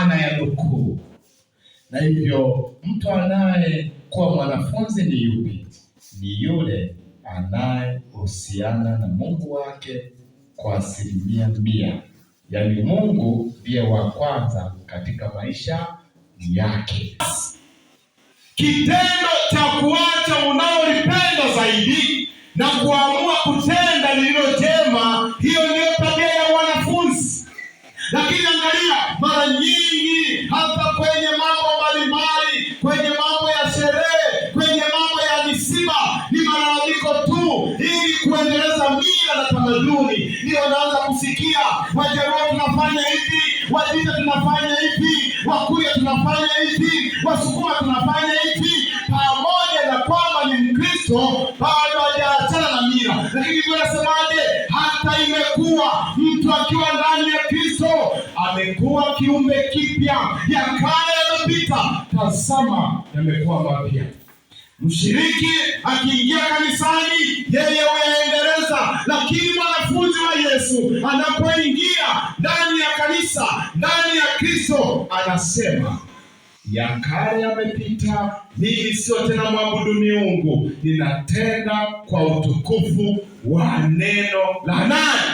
anayadukuu. Na hivyo mtu anayekuwa mwanafunzi ni yupi? Ni yule anayehusiana na Mungu wake kwa asilimia mia, yaani Mungu ndiye wa kwanza katika maisha yake. Kitendo cha kuacha unaolipenda zaidi na kuwa uchumi, ndio wanaanza kusikia Wajaruo tunafanya hivi, Wajita tunafanya hivi, Wakuria tunafanya hivi, Wasukuma tunafanya hivi. Pamoja na kwamba ni Mkristo, bado hajaachana na mila, lakini nasemaje, hata imekuwa mtu akiwa ndani ya Kristo amekuwa kiumbe kipya, ya kale yamepita, tazama yamekuwa mapya. Mshiriki akiingia kanisani, yeye huyaendeleza, lakini Yesu anapoingia ndani ya kanisa, ndani ya Kristo, anasema ya kale yamepita, mimi sio tena mwabudu miungu, ninatenda kwa utukufu wa neno la nani?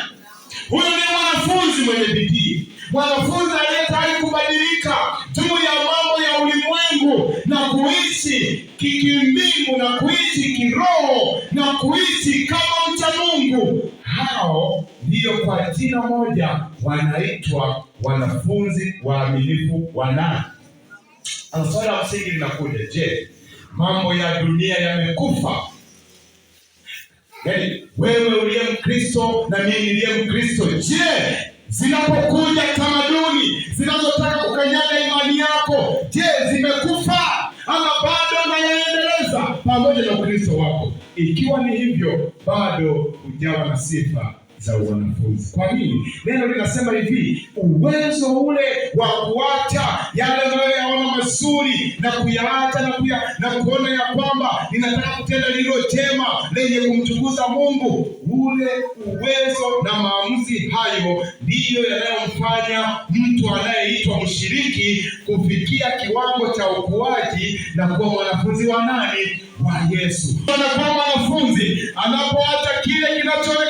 Huyo ni mwanafunzi mwenye bidii, mwanafunzi aliyetaka kubadilika juu ya mambo ya ulimwengu na kuishi kikimbingu na kuishi kiroho na kuishi kama mcha Mungu. Hao kwa jina moja wanaitwa wanafunzi waaminifu wana swali la msingi linakuja. Je, mambo ya dunia yamekufa? Yaani wewe uliye Mkristo na mimi niliye Mkristo, je, zinapokuja tamaduni zinazotaka kukanyaga imani yako, je, zimekufa ama bado nayaendeleza pamoja na Ukristo wako? Ikiwa ni hivyo, bado hujawa na sifa za wanafunzi. Kwa nini? Neno linasema hivi, uwezo ule wa kuacha yale unayoyaona mazuri na kuyaacha na kuya, na kuona ya kwamba ninataka kutenda lililo jema lenye kumtukuza Mungu, ule uwezo na maamuzi hayo ndiyo yanayomfanya mtu anayeitwa mshiriki kufikia kiwango cha ukuaji na kuwa mwanafunzi wa nani? Wa Yesu. Anakuwa mwanafunzi anapoacha kile kinacho